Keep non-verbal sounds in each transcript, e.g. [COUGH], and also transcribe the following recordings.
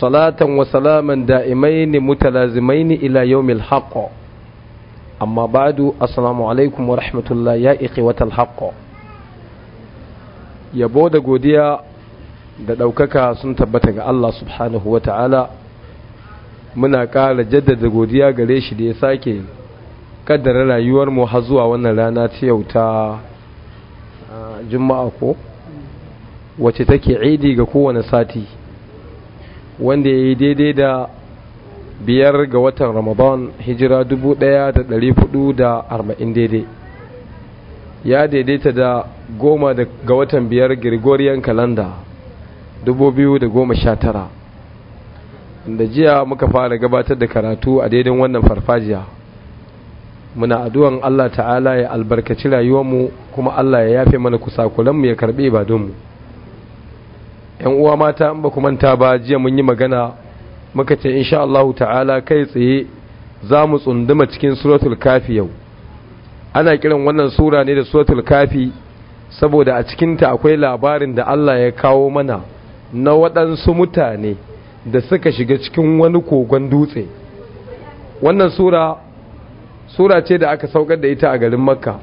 salatan wa salaman da'imaini ne ila yawmil haqq amma ba'du assalamu alaikum wa rahmatullahi ya ikhwatal haqq yabo da godiya da daukaka sun tabbata ga Allah subhanahu wa ta'ala muna ƙara jaddada godiya gare shi da ya sake kaddara rayuwar mu har zuwa wannan rana ta yau ta ah, juma'a ko wacce take idi ga kowane sati wanda ya yi daidai da biyar ga watan ramadan hijira 1440 daidai ya daidaita da goma ga watan biyar gregorian calendar 2019 da jiya muka fara gabatar da karatu a daidai wannan farfajiya muna addu'an Allah ta'ala ya albarkaci rayuwarmu kuma Allah ya yafe mana kusakulanmu ya karbe ba yan uwa mata in ba ku manta ba jiya mun yi magana muka ce insha Allah ta'ala kai tsaye za mu tsunduma cikin suratul kafi yau ana kiran wannan sura ne da suratul kafi saboda a cikinta akwai labarin da Allah ya kawo mana na waɗansu mutane da suka shiga cikin wani kogon dutse wannan sura sura ce da aka saukar da ita a garin makka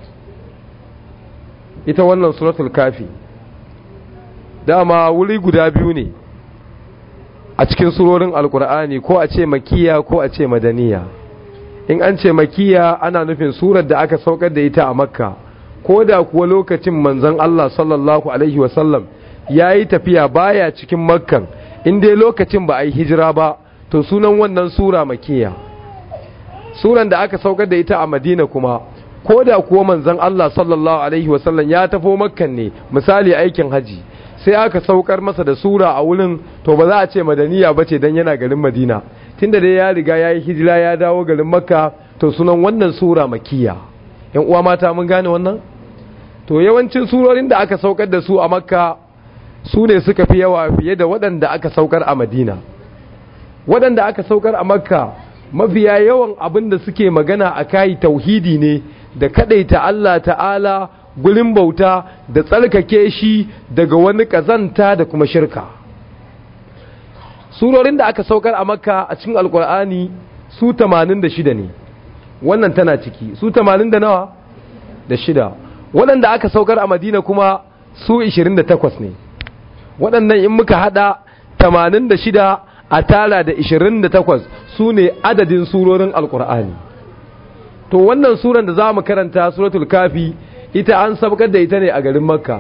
ita wannan suratul kafi dama wuri guda biyu ne a cikin surorin alkur'ani ko a ce makiya ko a ce madaniya in an ce makiya ana nufin surar da aka saukar da ita a makka ko da kuwa lokacin manzan Allah sallallahu alaihi wasallam ya yi tafiya baya cikin makkan in dai lokacin ba a yi hijira ba to sunan wannan sura makiya suran da aka saukar da ita a madina kuma ko da kuwa manzan Allah sallallahu alaihi wasallam ya tafo makkan ne misali aikin haji sai aka saukar masa da sura a wurin to ba za a ce madaniya ba ce don yana garin madina tunda dai ya riga ya yi hijira ya dawo garin makka to sunan wannan sura makiya yan uwa mata mun gane wannan to yawancin surorin da aka saukar da su a makka su ne suka fi yawa fiye da waɗanda aka saukar a madina waɗanda aka saukar a makka mafiya yawan abin da suke magana a kai tauhidi ne da kaɗaita allah ta'ala gurin bauta da tsarkake shi daga wani kazanta da kuma shirka surorin da aka saukar a makka a cikin alkur'ani su 86 ne wannan tana ciki su 80 da nawa da shida waɗanda aka saukar a madina kuma su 28 ne waɗannan in muka hada 86 a tara da 28 su ne adadin surorin alkur'ani to wannan suran da za mu karanta suratul kafi ita an sabkar da ita ne a garin makka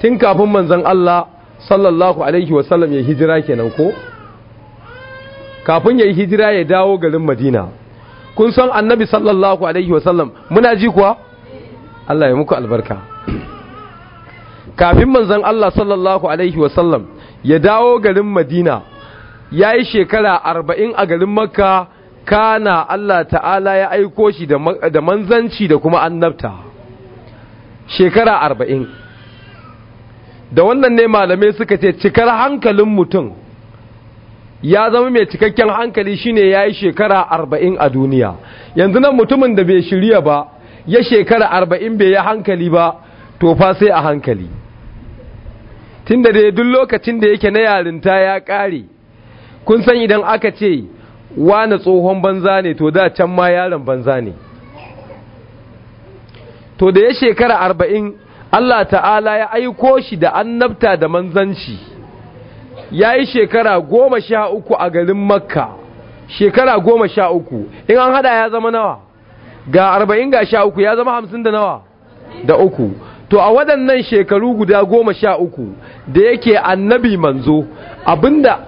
tun kafin manzan Allah sallallahu alaihi wasallam ya hijira kenan ko kafin ya hijira ya dawo garin madina kun san annabi sallallahu alaihi wasallam muna ji kuwa Allah ya muku albarka kafin manzan Allah sallallahu alaihi wasallam ya dawo garin madina ya yi shekara arba'in a garin makka kana Allah ta'ala ya aiko shi da manzanci da kuma annabta shekara arba'in da wannan ne malamai suka ce cikar hankalin mutum ya zama mai cikakken hankali shine ya yi shekara arba'in a duniya yanzu nan mutumin da bai shirya ba ya shekara arba'in bai yi hankali ba to fa sai a hankali tun da dai duk lokacin da yake na yarinta ya ƙare kun san idan aka ce wa na tsohon banza ne to da can ma yaron banza ne to da ya shekara arba'in Allah ta'ala ya aiko shi da annabta da manzanci ya yi shekara goma sha uku a garin makka shekara goma sha uku in an hada ya zama nawa ga arba'in ga sha uku ya zama hamsin da nawa da uku to a waɗannan shekaru guda goma sha uku da yake annabi manzo abinda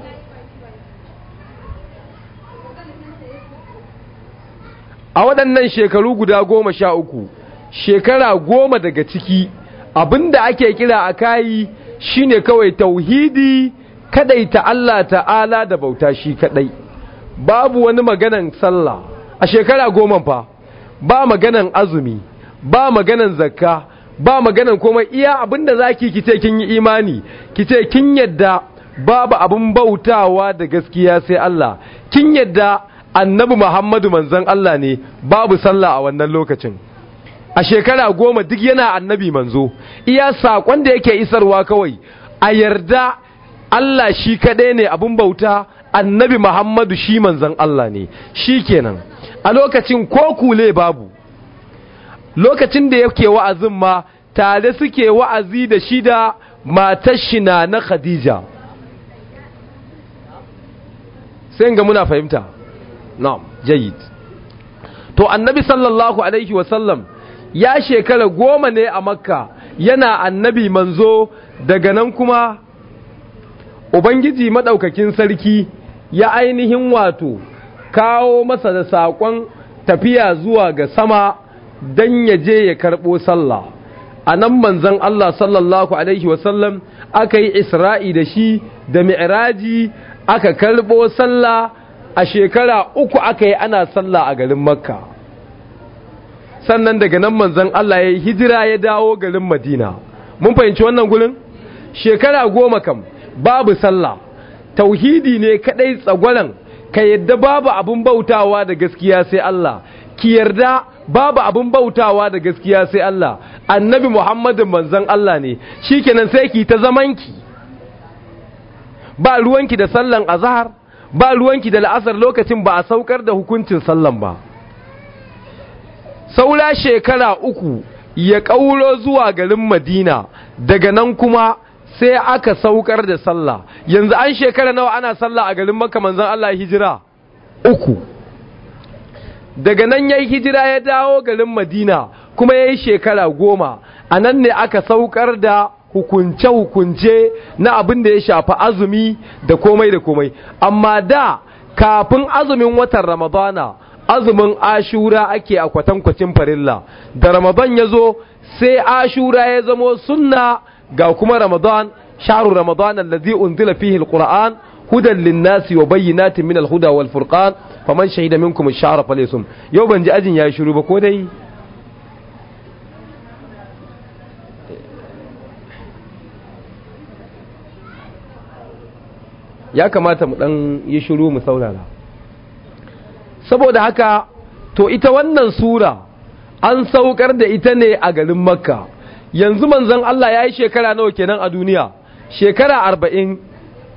a waɗannan shekaru guda goma sha uku shekara goma daga ciki abinda ake kira a kayi shine kawai tauhidi ta Allah ta'ala da bauta shi kadai babu wani maganan sallah a shekara goma fa ba maganan azumi ba maganan zakka ba maganan komai iya abinda ki kice kin yi imani kice kin yadda babu abin bautawa da gaskiya sai Allah kin yadda annabi Muhammadu manzon Allah ne babu sallah a wannan lokacin a shekara goma duk yana annabi manzo iya saƙon da yake isarwa kawai a yarda Allah shi kaɗai ne abin bauta annabi Muhammadu shi manzan Allah ne shi kenan a lokacin ko kule babu lokacin da yake wa'azin ma tare suke wa'azi da shida da matar na Khadija sai ga muna fahimta na'am jayid to annabi sallallahu alaihi wasallam ya shekara goma ne a makka yana annabi manzo daga nan kuma ubangiji maɗaukakin sarki ya ainihin wato kawo masa da saƙon tafiya zuwa ga sama don ya je ya karɓo sallah a nan manzan Allah sallallahu Alaihi wasallam aka yi isra'i da shi da mi'raji aka karɓo sallah a shekara uku aka yi ana sallah a garin makka sannan daga nan manzon Allah ya yi hijira ya dawo garin Madina mun fahimci wannan gurin shekara goma kam babu sallah tauhidi ne kadai tsagwaran ka yarda babu abin bautawa da gaskiya sai Allah ki yarda babu abin bautawa da gaskiya sai Allah annabi Muhammadin manzon Allah ne shikenan sai ki ta zamanki ba ruwanki da sallan azhar ba ruwanki da la'asar lokacin ba a saukar da hukuncin sallan ba saura shekara uku ya ƙauro zuwa garin madina daga nan kuma sai aka saukar da sallah yanzu an shekara nawa ana sallah a garin makka manzon Allah hijira uku daga nan ya hijira ya dawo garin madina kuma ya yi shekara goma a nan ne aka saukar da hukunce-hukunce na abin da ya shafa azumi da komai da komai amma da kafin azumin watan ramadana azumin ashura ake a kwatankwacin farilla da ramadan ya zo sai ashura ya zamo sunna ga kuma ramadan sharu ramadan allazi unzila fihi alquran hudan linnasi wa bayyinatin min alhuda wal furqan faman shahida minkum ash-shahra falyasum yau ban ji ajin ya shiru ba ko dai ya kamata mu dan yi shiru mu saurara saboda haka to ita wannan sura an saukar da ita ne a garin makka yanzu manzon Allah ya yi shekara nawa kenan a duniya shekara arba'in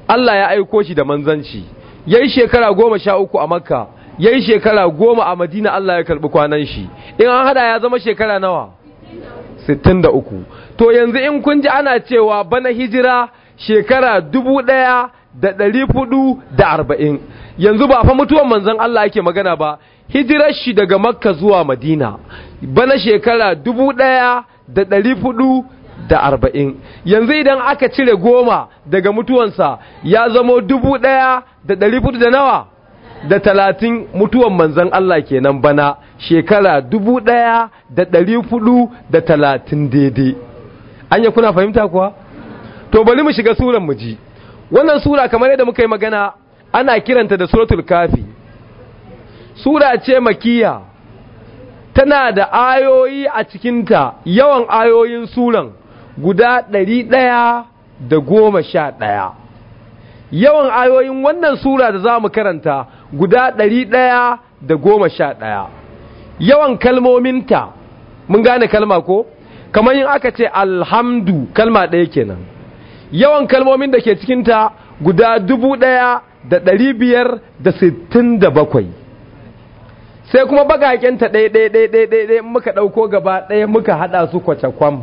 Allah ya aiko shi da manzanci ya yi shekara goma sha uku a makka ya yi shekara goma a madina Allah ya karɓi kwanan shi in an hada ya zama shekara nawa sittin da to yanzu in kun ji ana cewa bana hijira shekara dubu ɗaya da ɗari fudu da arba'in yanzu ba fa mutuwan manzon Allah yake magana ba hijirar shi daga makka zuwa madina bana shekara dubu da ɗari yanzu idan aka cire goma daga mutuwansa ya zamo dubu ɗaya da nawa da talatin mutuwan manzan Allah kenan bana shekara dubu ɗaya da ɗari fudu da talatin daidai an yi kuna fahimta kuwa to bari mu shiga suran mu ji wannan sura kamar yadda muka yi magana ana kiranta da suratul kafi sura ce makiya tana da ayoyi a cikinta yawan ayoyin suran guda ɗari ɗaya da goma sha ɗaya yawan ayoyin wannan sura da za mu karanta guda ɗari ɗaya da goma sha ɗaya yawan kalmominta mun gane kalma ko kamar yin aka ce alhamdu kalma ɗaya kenan yawan kalmomin da ke cikinta guda dubu ɗaya da ɗari biyar da sittin da bakwai sai kuma bagakenta ɗai ɗai ɗai ɗai muka ɗauko gaba ɗaya muka haɗa su kwacakwam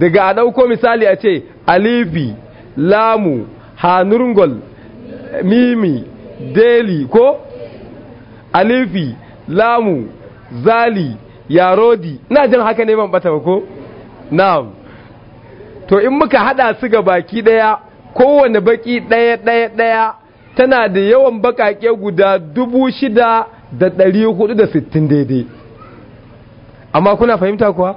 daga a ɗauko misali a ce alifi lamu hanurngol mimi deli ko alifi lamu zali yarodi na jin haka neman ɓata ko na'am to in muka haɗa su ga baki ɗaya kowane baki ɗaya ɗaya ɗaya. tana da yawan bakake guda dubu shida da da sittin daidai amma kuna fahimta kuwa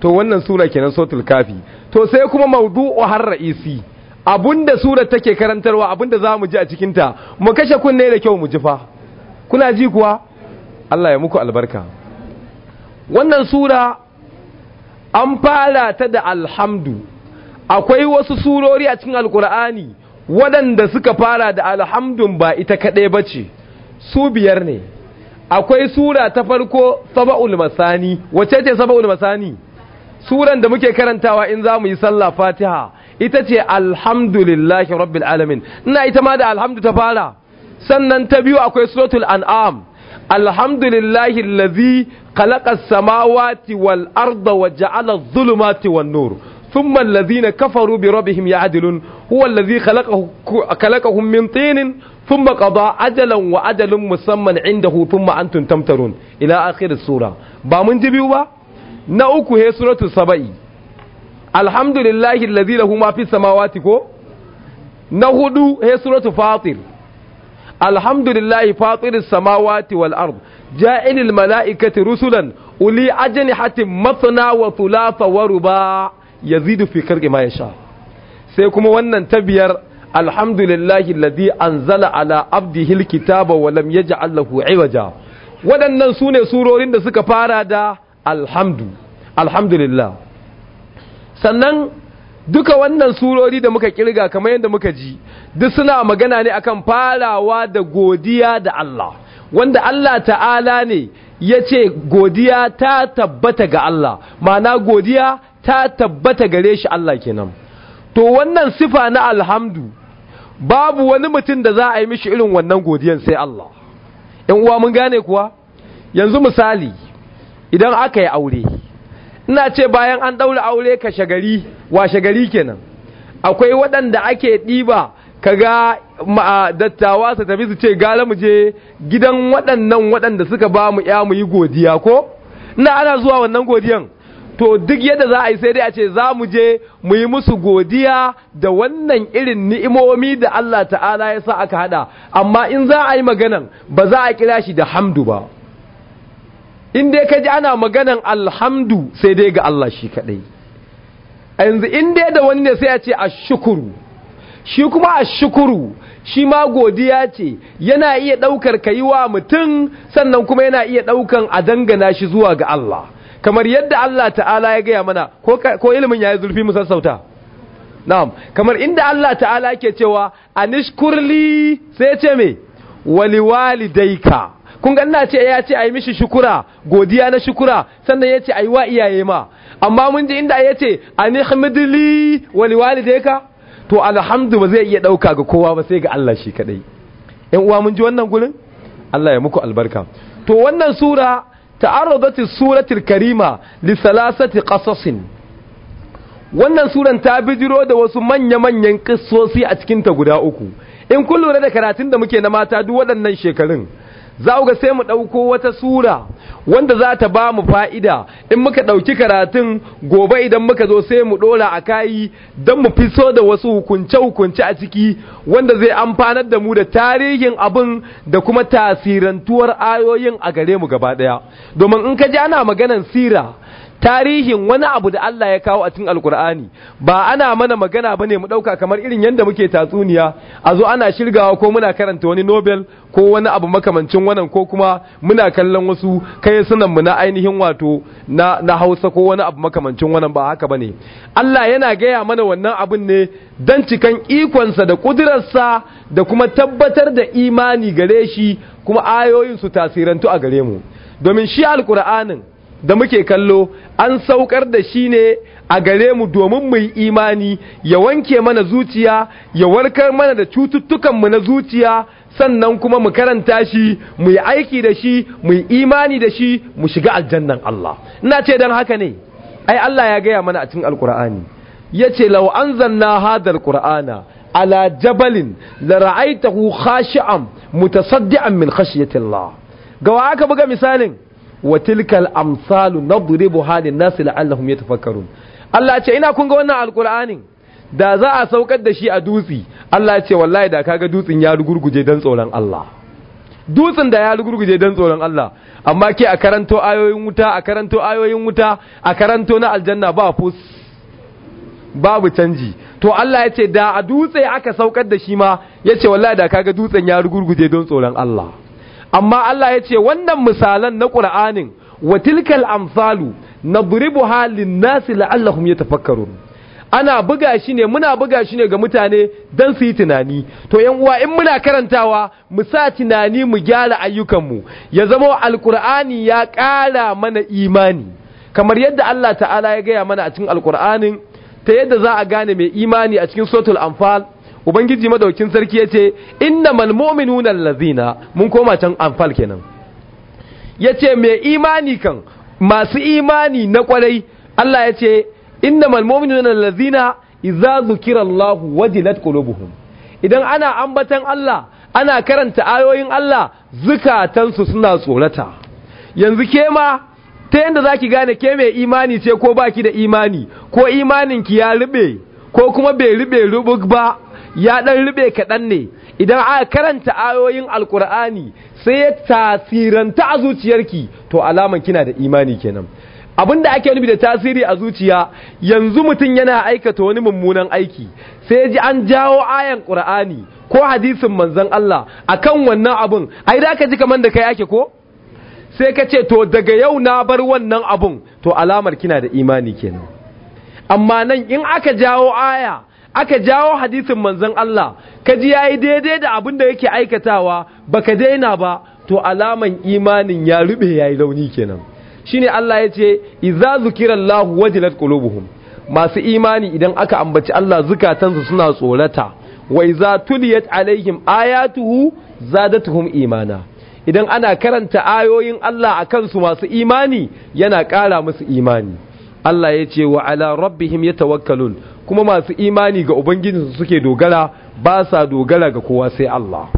to wannan sura kenan sotul kafi to sai kuma maudu'u har ra'isi abinda sura take karantarwa abinda za mu ji a cikinta mu kashe kunne da kyau mu ji fa kuna ji kuwa Allah ya muku albarka wannan sura an fara ta da alhamdu akwai wasu surori a cikin alkur'ani waɗanda suka fara da alhamdun ba ita kaɗai ba ce su biyar ne akwai sura ta farko saba'ul masani wacce ce saba'ul masani suran da muke karantawa in za mu yi sallah fatiha ita ce alhamdulillahi rabbil alamin ina ita ma da alhamdu ta fara sannan ta biyu akwai suratul an'am alhamdulillahi lazi khalaqa samawati wal arda wa ja'ala adh-dhulumati wan-nur ثم الذين كفروا بربهم يعدلون هو الذي خلقه خلقهم من طين ثم قضى أجلا وأجل مسمى عنده ثم أنتم تمترون إلى آخر السورة با من جبيو با نأكو هي سورة السبعي الحمد لله الذي له ما في السماوات كو نهدو هي سورة فاطر الحمد لله فاطر السماوات والأرض جائل الملائكة رسلا أولي أجنحة مثنى وثلاث ورباع yazidu fi karqi ma yasha sai kuma wannan ta biyar alhamdulillahi alladhi anzala ala abdihi alkitaba wa lam yaj'al lahu iwaja waɗannan sune surorin da suka fara da alhamdu alhamdulillah sannan duka wannan surori da muka kirga kamar yadda muka ji duk suna magana ne akan farawa da godiya da Allah wanda Allah ta'ala ne ya ce godiya ta tabbata ga Allah ma'ana godiya ta tabbata gare shi Allah kenan to wannan sifa na alhamdu babu wani mutum da za a yi mishi irin wannan godiyan sai Allah in uwa mun gane kuwa yanzu misali idan aka yi aure ina ce bayan an ɗaura aure ka shagari wa shagari kenan akwai waɗanda ake ɗiba kaga dattawa su tafi su ce gara mu je gidan waɗannan waɗanda suka ba mu ya mu yi godiya ko ina ana zuwa wannan godiyan to duk yadda za a yi sai dai a ce za mu je mu yi musu godiya da wannan irin ni'imomi da Allah ta'ala ya sa aka hada amma in za a yi maganan ba za a kira shi da hamdu ba in dai ka ji ana maganan alhamdu sai dai ga Allah shi kadai yanzu in dai da wani ne sai a ce ashukuru shi kuma ashukuru shi ma godiya ce yana iya daukar kayi mutum sannan kuma yana iya daukan a dangana shi zuwa ga Allah kamar yadda Allah ta'ala ya gaya mana ko ilimin ya yi zurfi mu sassauta na'am kamar inda Allah ta'ala ke cewa anishkurli sai ya ce me waliwalidaika kun ga ina ce ya ce ayi mishi shukura godiya na shukura sannan ya ce ayi wa iyaye ma amma mun ji inda ya ce anihmidli waliwalidaika to alhamdu ba zai iya dauka ga kowa ba sai ga Allah shi kadai ƴan uwa mun ji wannan gurin Allah ya muku albarka to wannan sura ta'arradat suratul karima li salasati wannan suran ta bijiro da wasu manya-manyan kissosi a cikin ta guda uku in kun lura da karatun da muke na mata duk waɗannan shekarun za ga sai mu ɗauko wata sura wanda za ta ba mu fa'ida in muka ɗauki karatun gobe idan muka zo sai mu ɗora a kayi don mu fiso da wasu hukunce-hukunce a ciki wanda zai amfanar da mu da tarihin abin da kuma tasirantuwar ayoyin a gare mu gaba ɗaya domin in ka ji ana maganan sira tarihin wani abu da Allah ya kawo a cikin alkur'ani ba ana mana magana bane mu dauka kamar irin yanda muke tatsuniya a zo ana shirgawa ko muna karanta wani nobel ko wani abu makamancin wannan ko kuma muna kallon wasu kai sunan mu na ainihin wato na na Hausa ko wani abu makamancin wannan ba haka bane Allah yana gaya mana wannan abun ne dan cikan ikonsa da kudurarsa da kuma tabbatar da imani gare shi kuma ayoyin su tasirantu a gare mu domin shi alkur'anin da muke kallo an saukar da shi ne a gare mu domin mu yi imani ya wanke mana zuciya ya warkar mana da cututtukanmu na zuciya sannan kuma mu karanta shi mu yi aiki da shi mu yi imani da shi mu shiga aljannan Allah ina ce don haka ne ai Allah ya gaya mana a cikin alkur'ani ya ce lau an zanna hadar qur'ana ala jabalin la ra'aitahu khashi'an mutasaddian min Allah gawa aka buga misalin wa tilkal amsalu nadribu halin nasi la'allahum yatafakkarun Allah ce ina kun ga wannan alqur'anin da za a saukar da shi a dutsi Allah ce wallahi da kaga dutsin ya rugurguje dan tsoron Allah dutsin da ya rugurguje dan tsoron Allah amma ke a karanto ayoyin wuta a karanto ayoyin wuta a karanto na aljanna ba fus babu canji to Allah ya ce da a dutse aka saukar da shi ma ya ce wallahi da kaga dutsen ya rugurguje don tsoron Allah amma Allah ya ce wannan misalan na ƙur'anin wa tilkal amsalu nadribuha lin-nasi la'allahum yatafakkarun ana buga shi ne muna buga shi ne ga mutane don su yi tunani to yan uwa in muna karantawa mu sa tunani mu gyara ayyukanmu ya zama alkur'ani ya ƙara mana imani kamar yadda Allah ta'ala ya gaya mana a cikin alkur'anin ta yadda za a gane mai imani a cikin suratul anfal ubangiji madaukin sarki ya ce innamal mu'minuna allazina mun koma can anfal kenan ya ce mai imani kan masu imani na kwarai Allah ya ce innamal mu'minuna allazina idza zukira wajilat qulubuhum idan ana ambatan Allah ana karanta ayoyin Allah zukatansu suna tsorata yanzu ke ma ta yanda zaki gane ke mai imani ce ko baki da imani ko imanin ki ya rube ko kuma bai rube rubuk ba ya ɗan rube kaɗan ne idan aka karanta ayoyin alkur'ani sai ya tasiranta a zuciyarki to alaman kina da imani kenan abinda ake nufi da tasiri a zuciya yanzu mutum yana aikata wani mummunan aiki sai ji an jawo ayan qur'ani ko hadisin manzon Allah akan wannan abun ai da ka ji kaman da kai ake ko sai ka ce to daga yau na bar wannan abun to alamar kina da imani kenan amma nan in aka jawo aya aka jawo hadisin manzon Allah kaji yayi daidai da abin da yake aikatawa baka daina ba to alaman imanin ya rube yayi launi kenan shine Allah ya ce idza zukirallahu wajilat qulubuhum masu imani idan aka ambaci Allah zukatansu suna tsorata wa idza tuliyat alaihim ayatuhu zadatuhum imana idan ana karanta ayoyin Allah akan su masu imani yana ƙara musu imani Allah ya ce wa ala rabbihim yatawakkalun kuma masu imani ga ubangijinsu suke dogara ba sa dogara ga kowa sai Allah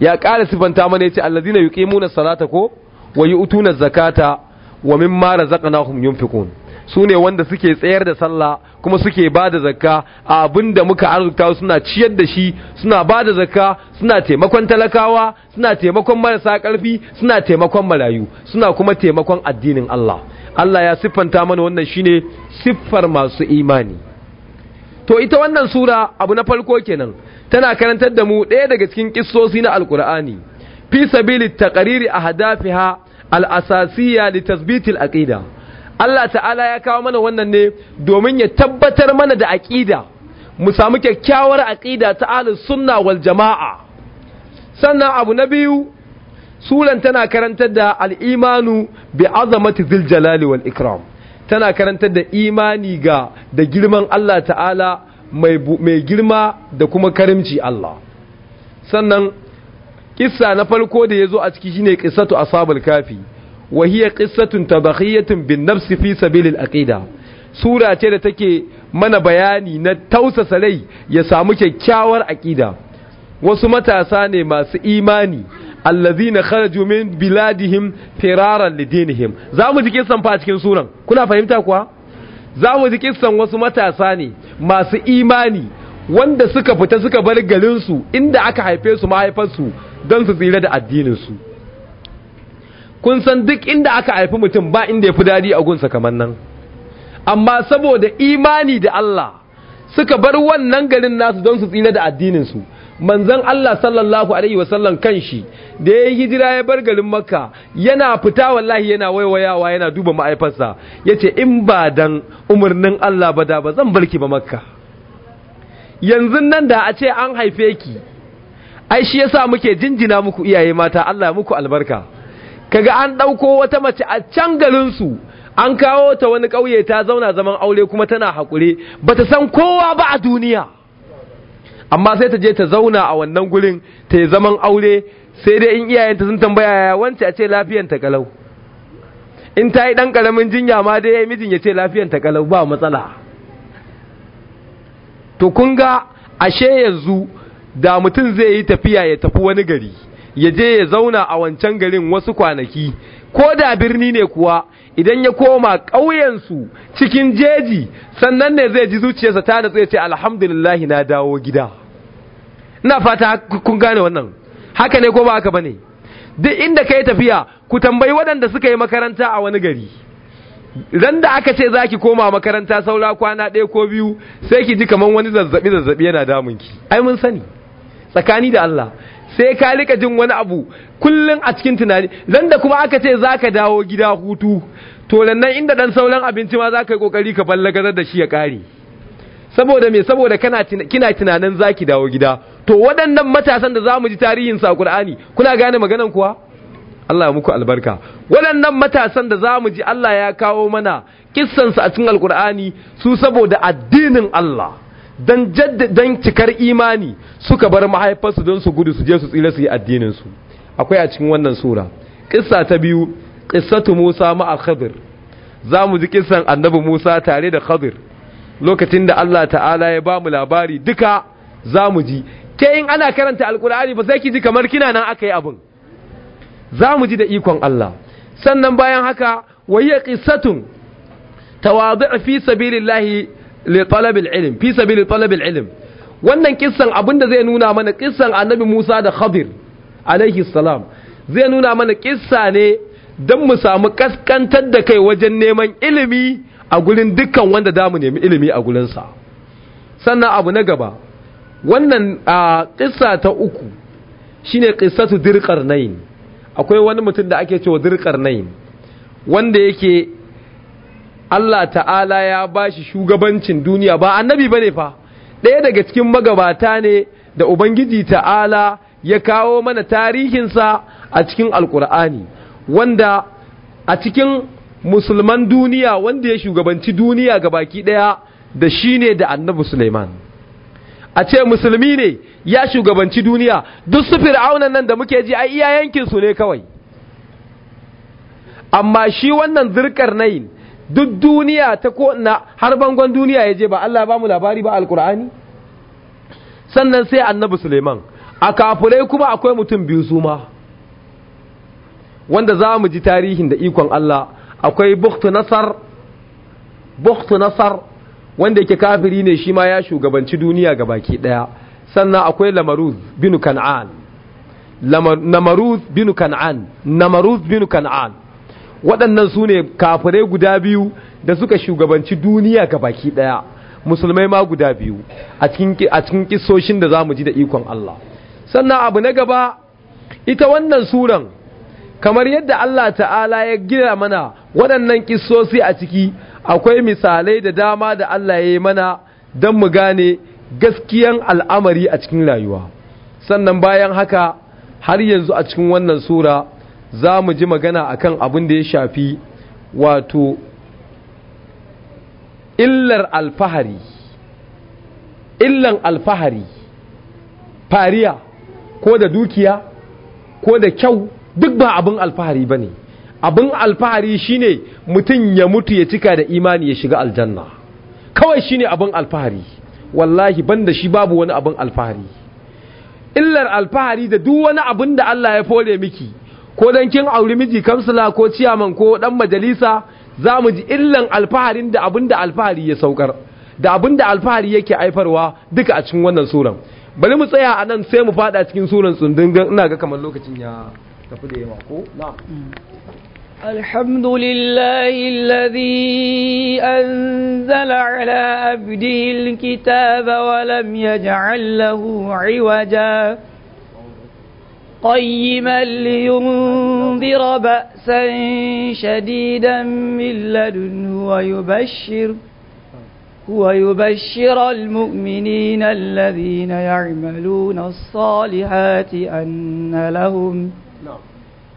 ya ƙara sifanta mana yace allazina yuqimuna salata ko wa yu'tuna zakata wa mimma razaqnahum yunfiqun sune wanda suke tsayar da sallah kuma suke bada zakka abinda muka arzuta suna ciyar da shi suna bada zakka suna taimakon talakawa suna taimakon marasa ƙarfi suna taimakon marayu suna kuma taimakon addinin Allah Allah ya siffanta mana wannan shine siffar masu imani to ita wannan sura abu na farko kenan tana karantar da mu ɗaya daga cikin kissosi na alkur'ani fi sabili taqriri ahdafiha al-asasiyya li tathbit al-aqida Allah ta'ala ya kawo mana wannan ne domin ya tabbatar mana da aƙida mu samu kyakkyawar aƙida ta ahlus sunna wal jama'a sannan abu na biyu suran tana karantar da al'imanu bi azamati zil jalali wal ikram tana karantar da imani ga da girman Allah ta'ala mai girma da kuma karimci Allah sannan kissa na farko da ya zo a ciki shine a sabul kafi wahiyar kisatun qissatun bin nafsi fi sabilin aqida sura ce da take mana bayani na tausasa rai ya samu kyakkyawar aƙida. wasu matasa ne masu imani allazina kharaju min biladihim firaran lidinihim zamu ji kissan fa cikin suran kuna fahimta kuwa zamu ji kissan wasu matasa ne masu imani wanda suka fita suka bar garin su inda aka haife su mahaifarsu don su tsira da addinin su kun san duk inda aka haifi mutum ba inda ya fi dadi a gunsa kamar nan amma saboda imani da Allah suka bar wannan garin nasu don su tsira da addinin su manzon Allah sallallahu alaihi wasallam shi da ya hijira ya bar garin Makka yana fita wallahi yana waiwayawa yana duba ma'aifarsa ce in ba dan umarnin Allah ba da ba zan barki ba Makka yanzu nan da a ce an haife ki ai shi yasa muke jinjina muku iyaye mata Allah muku albarka kaga an ɗauko wata mace a can garin su an kawo ta wani ƙauye ta zauna zaman aure kuma tana ba bata san kowa ba a duniya amma sai ta je ta zauna a wannan gurin ta yi zaman aure sai dai in iyayenta sun tambaya ya wance a ce lafiyanta kalau in ta yi ɗan ƙaramin jinya ma dai ya yi mijin ya ce lafiyanta kalau ba matsala to kun ga ashe yanzu da mutum zai yi tafiya ya tafi wani gari ya je ya zauna a wancan garin wasu kwanaki ko da birni ne kuwa idan ya koma ƙauyensu cikin jeji sannan ne zai ji zuciyarsa ta da ya ce alhamdulillahi na dawo gida ina fata kun gane wannan haka ne ko ba haka bane duk inda kai tafiya ku tambayi waɗanda suka yi makaranta a wani gari ran da aka ce zaki koma makaranta saura kwana ɗaya ko biyu sai ki ji kaman wani zazzabi zazzabi yana damun ki ai mun sani tsakani da Allah sai ka rika jin wani abu kullun a cikin tunani ran da kuma aka ce zaka dawo gida hutu to lannan inda dan sauran abinci ma zaka yi kokari ka ballagar da shi ya kare saboda me saboda kana kina tunanin zaki dawo gida to waɗannan matasan da za mu ji tarihin sa Qur'ani kuna gane maganan kuwa Allah ya muku albarka waɗannan matasan da za mu ji Allah ya kawo mana kissan a cikin Alkur'ani su saboda addinin Allah dan dan cikar imani suka bar mahaifarsu don su gudu su je su tsira su yi addinin su akwai a cikin wannan sura kissa ta biyu qissatu Musa ma'a Khidr za mu ji kissan annabi Musa tare da Khidr lokacin da Allah ta'ala ya ba mu labari duka za mu ji ke in ana karanta alkur'ani ba sai ki ji kamar kina nan aka yi abin za mu ji da ikon Allah sannan bayan haka wayya qissatun tawadu fi sabilillahi li talab ilm fi sabili talab ilm wannan kissan abinda zai nuna mana kissan annabi Musa da Khadir alaihi salam zai nuna mana kissa ne dan mu samu kaskantar da kai wajen neman ilimi a gurin dukkan wanda damu nemi ilimi a gurinsa sannan abu na gaba wannan a ƙissa ta uku shine qissatu dirqarnain akwai wani mutum da ake cewa dirqarnain wanda yake Allah ta'ala ya bashi shugabancin duniya ba annabi bane fa ɗaya daga cikin magabata ne da ubangiji ta'ala ya kawo mana tarihinsa a cikin alkur'ani wanda a cikin musulman duniya wanda ya shugabanci duniya ga baki ɗaya da shi ne da annabi suleiman a ce musulmi ne ya shugabanci duniya duk su fir'aunan nan da muke ji a iya su ne kawai amma shi wannan zirkar nai duk duniya ta ko na har bangon duniya ya je ba Allah ba mu labari ba alkur'ani sannan sai annabi suleiman a kafurai kuma akwai mutum biyu su ma wanda za mu ji tarihin da ikon Allah akwai buktu nasar buktu nasar wanda yake kafiri ne shi ma ya shugabanci duniya ga baki daya sannan akwai lamaruz bin kan'an lamaruz binu kan'an namaruz bin kan'an waɗannan su ne kafirai guda biyu da suka shugabanci duniya ga baki daya musulmai ma guda biyu a cikin kisoshin da za mu ji da ikon Allah sannan abu na gaba ita wannan suran kamar yadda Allah ta'ala ya gina mana waɗannan kisosi a ciki akwai misalai da dama da Allah ya yi mana don mu gane gaskiyan al'amari a cikin rayuwa sannan bayan haka har yanzu a cikin wannan sura za mu ji magana a kan abin da ya shafi wato illar alfahari illan alfahari fariya ko da dukiya ko da kyau duk ba abin alfahari ba ne abin alfahari shine mutum ya mutu ya cika da imani ya shiga aljanna kawai shine abin alfahari wallahi banda shi babu wani abin alfahari illar alfahari da duk wani abin da Allah ya fore miki ko dan kin auri miji Kamsila ko ciyaman ko dan majalisa za mu ji illan alfaharin da abin da alfahari ya saukar da abin da alfahari yake aifarwa duka a cikin wannan suran bari mu tsaya a nan sai mu fada cikin suran tsundun ina ga kamar lokacin ya tafi da yawa ko na'am mm. الحمد لله الذي أنزل على عبده الكتاب ولم يجعل له عوجا قيما لينذر بأسا شديدا من لدنه ويبشر ويبشر المؤمنين الذين يعملون الصالحات أن لهم ۖ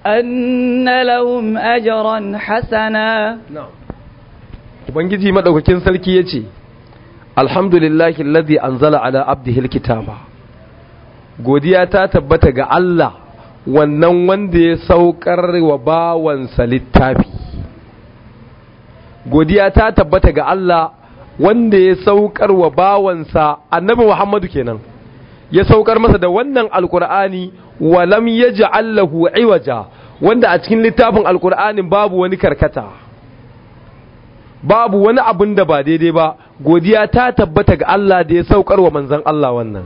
أن لهم أجرا حسنا Ubangiji madaukakin sarki yace Alhamdulillahi alladhi anzala ala abdihi alkitaba Godiya ta tabbata ga Allah wannan wanda ya saukar wa bawansa littafi Godiya ta tabbata ga Allah wanda ya saukar wa bawansa Annabi Muhammadu kenan ya saukar masa da wannan alkur'ani walam lam yaj'al lahu iwaja wanda a cikin littafin alkur'anin babu wani karkata babu wani abin da ba daidai ba godiya ta tabbata ga Allah da ya saukar wa manzon Allah wannan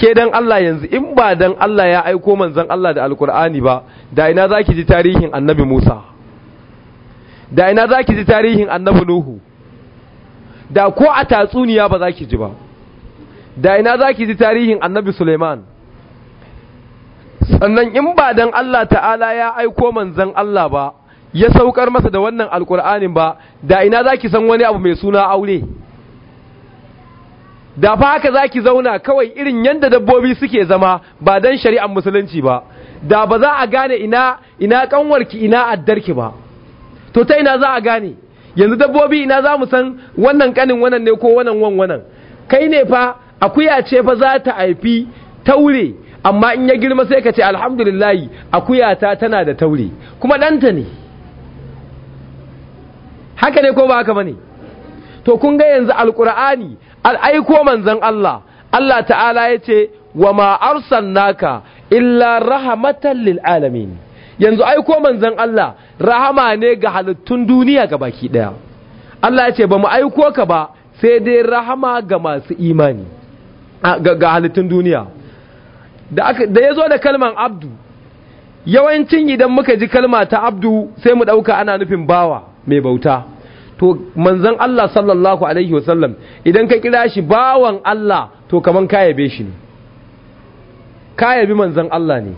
ke dan Allah yanzu in ba dan Allah ya aiko manzon Allah da alkur'ani ba da ina zaki ji tarihin annabi Musa da ina zaki ji tarihin annabi Nuhu da ko a tatsuniya ba zaki ji ba da ina zaki ji tarihin annabi Suleiman sannan in ba dan Allah ta'ala ya aiko manzan Allah ba ya saukar masa da wannan alkur'anin ba da ina za ki san wani abu mai suna aure da fa haka za ki zauna kawai irin yadda dabbobi suke zama ba dan shari'ar musulunci ba da ba za a gane ina ina kanwarki ina addarki ba to ta ina za a gane yanzu dabbobi ina za mu san wannan kanin wannan ne ko wannan wannan kai ne fa akuya ce fa za ta haifi taure amma in ya girma sai ka ce alhamdulillahi akuyata tana da taure kuma ɗanta ne haka ne ko ba haka bane to kun ga yanzu alqur'ani al'aiko manzon Allah Allah ta'ala yace ce wa ma arsalnaka illa rahmatan lil alamin yanzu aiko manzon Allah rahama ne ga halittun duniya ga baki daya Allah yace ce ba aiko ka ba sai dai rahama ga masu imani ga halittun duniya da ya zo da kalman abdu yawancin idan muka ji kalma ta abdu sai mu ɗauka ana nufin bawa mai bauta to manzan Allah sallallahu alaihi wasallam idan ka kira shi bawan Allah to kaman ka yabe shi ne ka yabi manzan Allah ne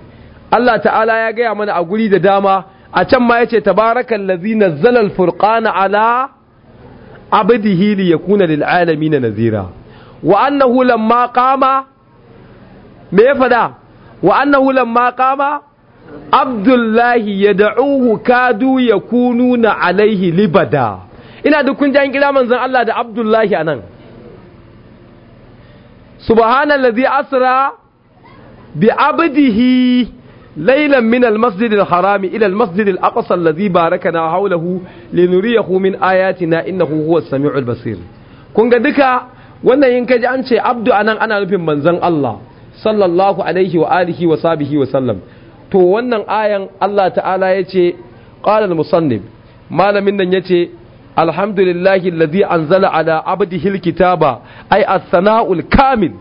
Allah ta'ala ya gaya mana a guri da dama a can ma yace tabarakal ladzi nazzala al furƙana ala abdihi ya kuna lil'alami na nazira wa annahu lamma qama me ya faɗa wa annahu lamma qama abdullahi yad'uhu kadu yakununa alaihi libada ina da kun jan kira manzon Allah da abdullahi anan subhanallazi asra bi abdihi ليلا من المسجد الحرام إلى المسجد الأقصى الذي barakana hawlahu linuriyahu min ayatina innahu huwas sami'ul basir kun ga duka wannan yin kaji an ce abdu anan ana nufin manzon Allah sallallahu alaihi wa alihi wa sabihi wa sallam to wannan ayan Allah ta'ala yace qala al-musannif malamin nan yace alhamdulillahi alladhi anzala ala abdihi al-kitaba ai as-sana'ul kamil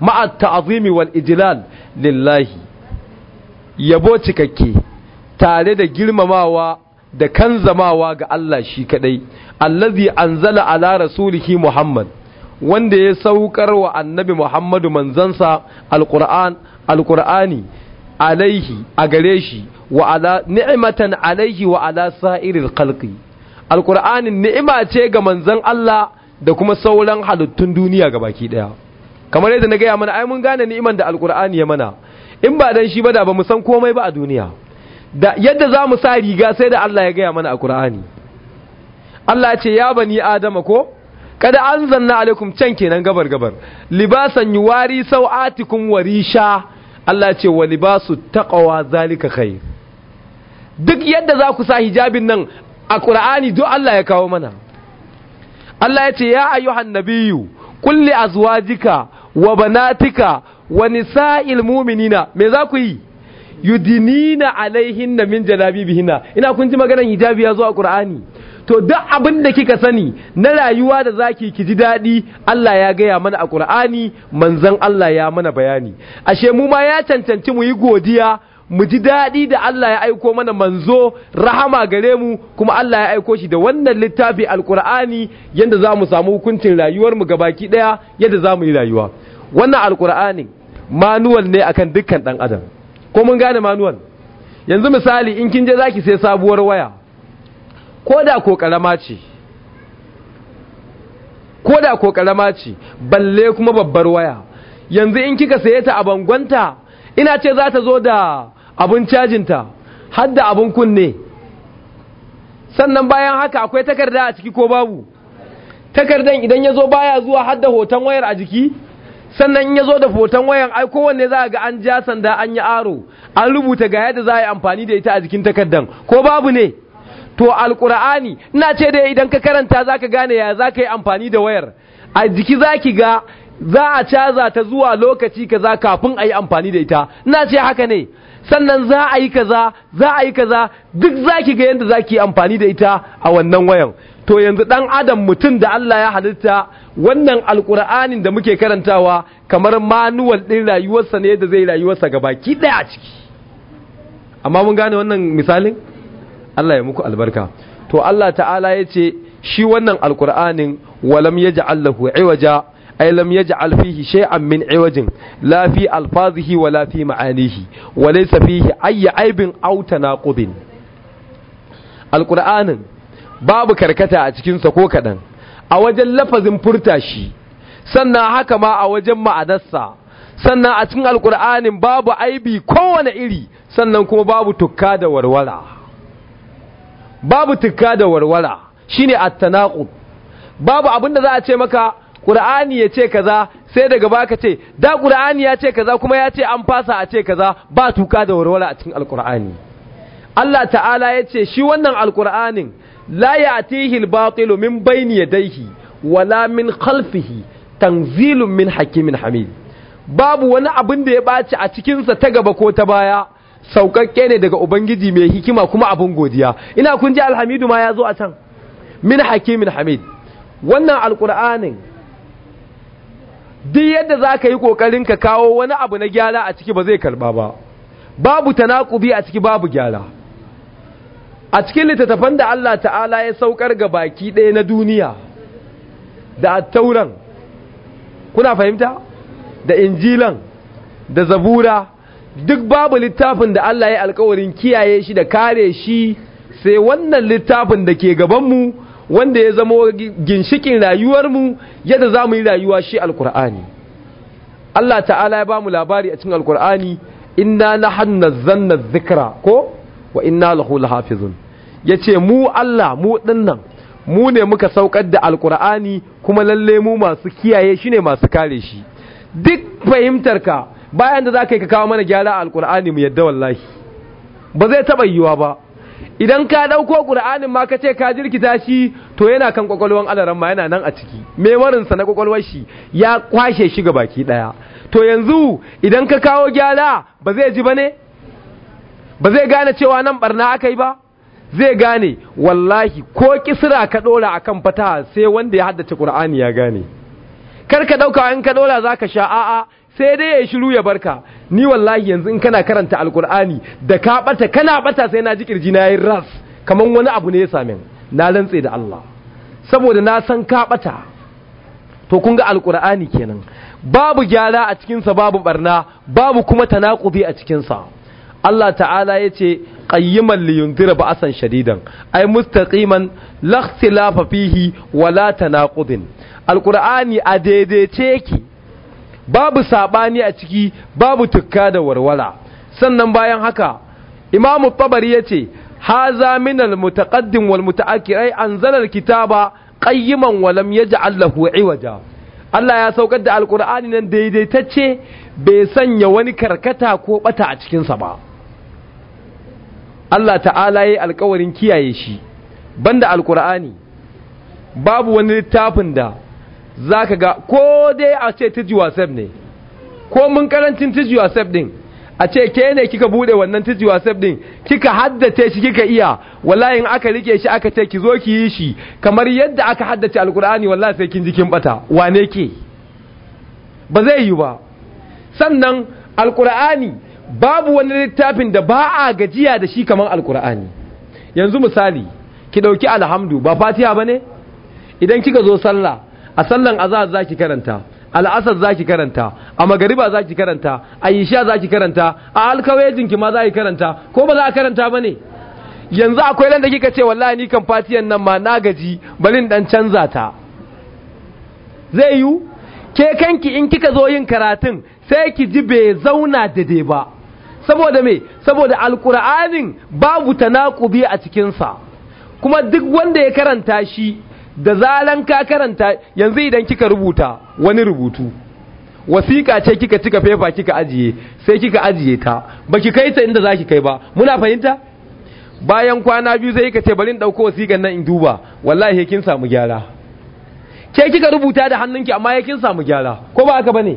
ma'a tazimi wal ijlal lillahi yabo cikakke tare da girmamawa da kanzamawa ga Allah shi kadai allazi anzala ala rasulihi muhammad wanda ya saukar wa annabi Muhammadu manzansa alqur'an alqur'ani alaihi a gare shi wa ala ni'matan alaihi wa ala sa'iril khalqi alqur'anin ni'ima ce ga manzon Allah da kuma sauran halittun duniya gabaki daya kamar yadda na gaya mana ai mun gane ni'iman da alkurani ya mana in ba dan shi ba da ba mu san komai ba a duniya da yadda mu sa riga sai da Allah ya gaya mana a Allah ya ce ya bani adama ko kada an zanna alaikum can kenan gabar gabar libasan yuwari sau'atikum warisha Allah ce wa libasu taqwa zalika khair duk yadda za ku sa hijabin nan a Qur'ani duk Allah ya kawo mana Allah ya ce ya ayyuhan nabiyyu kulli azwajika wa banatika wa nisa'il mu'minina me za ku yi yudinina alaihinna min jalabibihinna ina kun ji maganar hijabi ya zo a Qur'ani to duk abin da kika sani na rayuwa da zaki ki ji daɗi Allah ya gaya mana a Qur'ani manzon Allah ya mana bayani ashe mu ma ya cancanci mu yi godiya mu ji daɗi da Allah ya aiko mana manzo rahama gare mu kuma Allah ya aiko shi da wannan littafi alkur'ani yadda za mu samu hukuncin rayuwarmu baki ɗaya yadda za mu yi rayuwa wannan alkur'ani manuwal ne akan dukkan ɗan adam ko mun gane manuwal yanzu misali in kin je zaki ki sai sabuwar waya koda da ko karama ce koda da ko karama ce balle kuma babbar waya yanzu in kika saye ta a ta, ina ce za ta zo da abun cajinta har da abun kunne sannan bayan haka akwai takarda a ciki ko babu takardan idan ya zo baya zuwa har da hoton wayar a jiki sannan in ya zo da hoton wayan ai kowanne za a ga an ja sanda an yi aro an rubuta ga yadda za a yi amfani da ita a jikin takardan ko babu ne to alkur'ani ina ce dai idan ka karanta zaka gane ya zaka yi amfani da wayar a jiki zaki ga za a caza ta zuwa lokaci kaza kafin a yi amfani da ita ina ce haka ne sannan za a yi kaza za a yi kaza duk zaki ga yadda zaki yi amfani da ita a wannan wayan to yanzu dan adam mutum da Allah ya halitta wannan alkur'anin da muke karantawa kamar manuwal din rayuwarsa ne da zai rayuwarsa gabaki daya a ciki amma mun gane wannan misalin Allah ya muku albarka to Allah ta'ala ya ce shi wannan alkur'anin walam yaj'al lahu iwaja ay lam yaj'al fihi shay'an min iwajin la fi alfazihi wa la fi ma'anihi wa laysa fihi ayy aibin aw tanaqudin alkur'anin babu karkata a cikin sa ko kadan a wajen lafazin furta shi sannan haka ma a wajen ma'anarsa sannan a cikin alkur'anin babu aibi kowane iri sannan kuma babu tukka da warwara babu tukka da warwara shine at-tanaqud babu abin da za a ce maka Qur'ani ya ce kaza sai daga baka ce da Qur'ani ya ce kaza kuma ya ce an fasa a ce kaza ba tuka da warwara a cikin al Allah ta'ala ya ce shi wannan Al-Qur'anin la ya'tihi al-batilu min bayni yadayhi wala min khalfihi tanzilun min hakimin hamid babu wani abin da ya baci a cikinsa ta gaba ko ta baya saukakke ne daga ubangiji mai hikima kuma abin godiya ina kun ji alhamidu ma ya zo a can min hakimin hamid wannan alkur'anin duk yadda za ka yi ƙoƙarin ka kawo wani abu na gyara a ciki ba zai karɓa ba babu tanakubi a ciki babu gyara a cikin littattafan da Allah ta'ala ya saukar ga baki ɗaya na duniya da attauran kuna fahimta da injilan da zabura duk babu littafin da Allah ya alkawarin kiyaye shi da kare shi sai wannan littafin da ke gabanmu wanda ya zama ginshikin rayuwarmu yadda za mu yi rayuwa shi alkur'ani Allah ta'ala ya ba mu labari a cikin alkur'ani inna na hannu zanna zikira ko wa inna lahu lahafizun ya ce mu Allah mu dinnan mu ne muka saukar da alkur'ani kuma lalle mu masu kiyaye shi ne masu kare shi duk fahimtarka bayan da za ka yi ka kawo mana gyara a alkur'ani mu yadda wallahi ba zai taɓa yiwuwa ba idan ka ɗauko ƙur'anin ma ka ce ka jirkita shi to yana kan ƙwaƙwalwan alaran ma yana nan a ciki warinsa na ƙwaƙwalwar shi ya kwashe shi ga baki ɗaya to yanzu idan ka kawo gyara ba zai ji ba ne ba zai gane cewa nan barna aka yi ba zai gane wallahi ko kisira ka ɗora a kan fataha sai wanda ya haddace ƙur'ani ya gane kar ka ɗauka in ka ɗora za ka sha a'a sai dai ya shiru ya barka ni wallahi yanzu in kana karanta alkur'ani da ka bata kana bata sai na ji kirji na yi ras kamar wani abu ne ya same na lantse da Allah saboda na san ka bata to kun ga alkur'ani kenan babu gyara a cikinsa babu barna babu kuma tanakubi a cikinsa Allah ta'ala ya ce qayyiman li yunzira san shadidan ay mustaqiman la ikhtilafa fihi wala tanaqudin alkur'ani a daidaice yake babu sabani a ciki babu tukka da warwala sannan bayan haka imamu tabari ce haza minal mutaqaddim wal mutaakhir anzala al kitaba qayyiman wa lam yaj'al lahu iwaja Allah ya saukar da alqur'ani nan ce bai sanya wani karkata ko ɓata a cikinsa ba Allah ta'ala ya yi alƙawarin kiyaye shi banda alqur'ani babu wani littafin da za ka ga ko dai a ce tiji wasef ne ko mun karancin tiji wasef din a ce ke ne kika bude wannan tiji wasef din kika haddace shi kika iya wallahi in aka rike shi aka ce ki zo ki yi shi kamar yadda aka haddace alkur'ani wallahi sai kin ji kin bata wane ke ba zai yi ba sannan alkur'ani babu wani littafin da ba a gajiya da shi kamar alkur'ani yanzu misali ki dauki alhamdu ba fatiha bane idan kika zo sallah a sallan za zaki karanta al'asar zaki karanta a magariba zaki karanta a isha zaki karanta a alkawejin ki ma za ki karanta ko ba za a karanta ne? yanzu akwai ran da kika ce wallahi ni kan fatiyan nan ma na gaji balin dan canza ta zai yiwu ke kanki in kika zo yin karatun sai ki ji bai zauna daidai ba saboda me saboda alkur'anin babu tanakubi a cikinsa kuma duk wanda ya karanta shi da zalan ka karanta yanzu idan kika rubuta wani rubutu wasiƙa ce kika cika fefa kika ajiye sai kika ajiye ta baki kai ta inda zaki kai ba muna fahimta bayan kwana biyu zai kika ce bari in dauko wasiƙan nan in duba wallahi kin samu gyara ke kika rubuta da hannunki amma kin samu gyara ko ba haka bane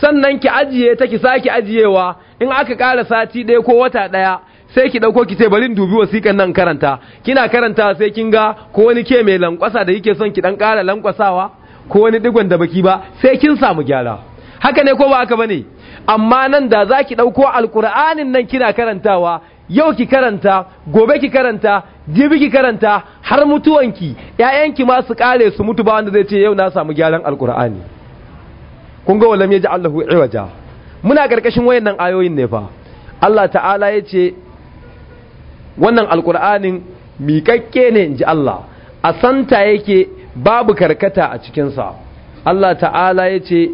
sannan ki ajiye ta ki saki ajiyewa in aka ƙara sati ɗaya ko wata ɗaya sai ki dauko ki ce bari dubi wasiƙan nan karanta kina karanta sai kin ga ko wani ke mai lankwasa da yake son ki dan ƙara lankwasawa ko wani digon da baki ba sai kin samu gyara haka ne ko ba haka bane amma nan da zaki ɗauko alkur'anin nan kina karantawa yau ki karanta gobe ki karanta jibi ki karanta har mutuwanki ƴaƴanki ma su kare su mutu ba wanda zai ce yau na samu gyaran alkur'ani kun ga walam yaji Allahu iwaja muna karkashin wayannan ayoyin ne fa Allah ta'ala yace wannan alkur'anin miƙaƙƙe ne in ji Allah a santa yake babu karkata a cikinsa Allah ta'ala ya ce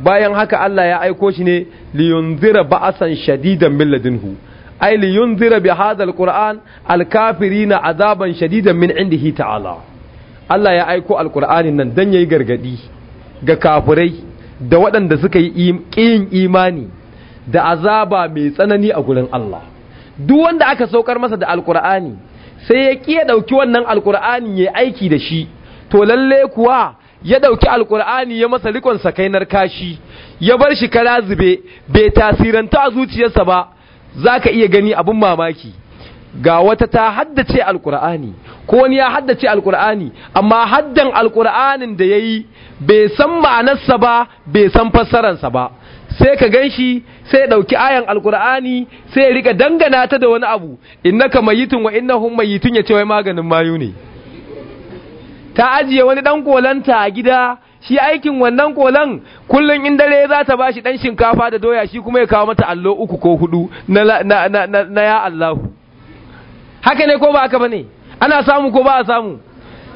bayan haka Allah ya aiko shi ne liyunzira ba'asan shadidan min ladinhu liyun liyunzira bi hadha alkafiri alkafirina azaban shadidan min indihi ta'ala Allah ya aiko alkur'anin nan dan yi gargadi ga kafirai da waɗanda suka yi ƙin imani da azaba mai tsanani a gurin Allah duk wanda aka saukar masa da alkur'ani sai ya ƙi ya ɗauki wannan alkur'ani ya aiki da shi to lalle kuwa ya ɗauki alkur'ani ya masa rikon sakainar kashi ya bar shi kara zube bai tasiranta a zuciyarsa ba za ka iya gani abin mamaki ga wata ta haddace alkur'ani ko wani ya haddace alkur'ani amma haddan alkur'anin da ya yi bai san ma'anarsa ba bai san fassararsa ba sai ka ganshi sai ya ɗauki ayan alkur'ani sai ya rika dangana ta da wani abu innaka mayitun wa innahum mayitun ya ce wai maganin mayu ne ta ajiye wani ɗan kolanta a gida shi aikin wannan kolan kullum in dare za ta ba shi ɗan shinkafa da doya shi kuma ya kawo mata allo uku ko hudu na na na, ya Allahu haka ne ko ba haka ne ana samu ko ba a samu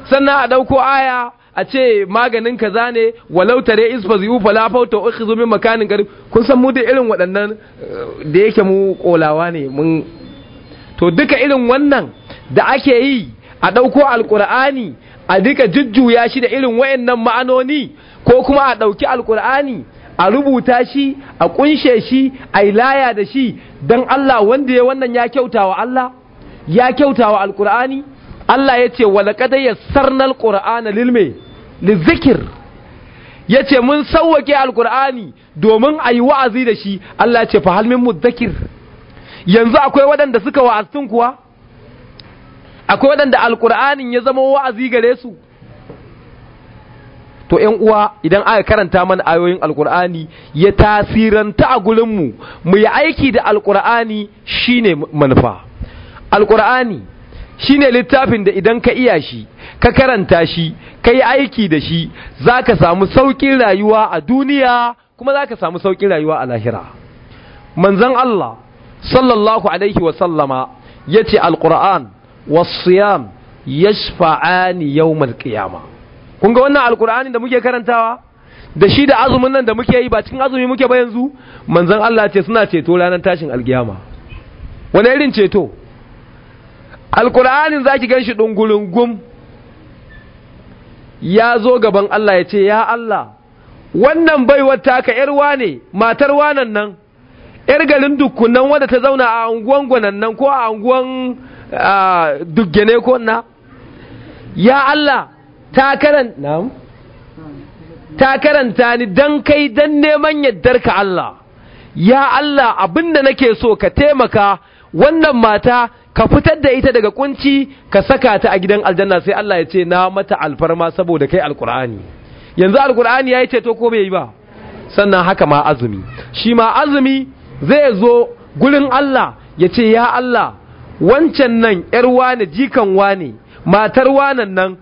sannan a ɗauko aya a ce maganin kaza ne walau tare isfaz yu fala fauta ukhizu makanin gari kun san mu da irin waɗannan eh, da yake mu kolawa ne mun to duka irin wannan da ake yi a ɗauko alkur'ani a duka jujjuya shi da irin wayannan ma'anoni ko kuma a ɗauki alkur'ani a rubuta shi a ƙunshe shi a yi laya da shi don Allah wanda ya wannan ya kyauta wa Allah ya kyauta wa alkur'ani Allah ya ce walaƙada ya sarnal ƙura'ana lilme lizikir ya ce mun sauwake alƙura'ani domin a yi wa'azi da shi Allah ya ce fa halmin zikir yanzu akwai waɗanda suka wa'aztun kuwa akwai waɗanda alƙura'anin ya zama wa'azi gare su to ‘yan uwa idan aka karanta mana ayoyin alkur'ani ya tasiranta a gurinmu mu yi aiki da alkur'ani shine manufa alkur'ani Shi ne littafin da idan ka iya shi ka karanta shi ka yi aiki da shi za ka samu sauƙin rayuwa a duniya kuma za ka samu saukin rayuwa a lahira manzan Allah sallallahu alaihi wasallama ya ce alƙura'an wasiyam ya shafa'ani yau malƙiyama kun ga wannan alƙura'ani da muke karantawa da shi da azumin nan da muke yi ba cikin azumi muke ba yanzu manzan Allah ce suna ceto ranar tashin alƙiyama wani irin ceto alkur'anin za ki gan shi ɗungulungum ya zo gaban Allah ya ce ya Allah wannan baiwar taka ‘yarwa ne matar wanan nan ‘yar garin dukkunan wadda ta zauna a anguwan gwanannan ko a anguwan duggene ko na ya Allah ta karanta ni don kai don neman ka Allah ya Allah abinda nake so ka taimaka wannan mata ka fitar da ita daga kunci ka saka ta a gidan aljanna sai Allah ya ce na mata alfarma saboda kai alkur'ani yanzu alkur'ani ya yi ceto ko bai yi ba sannan haka ma azumi shi ma azumi zai zo gurin Allah ya ce ya Allah wancan nan ‘yar wane jikan wane matar wanan nan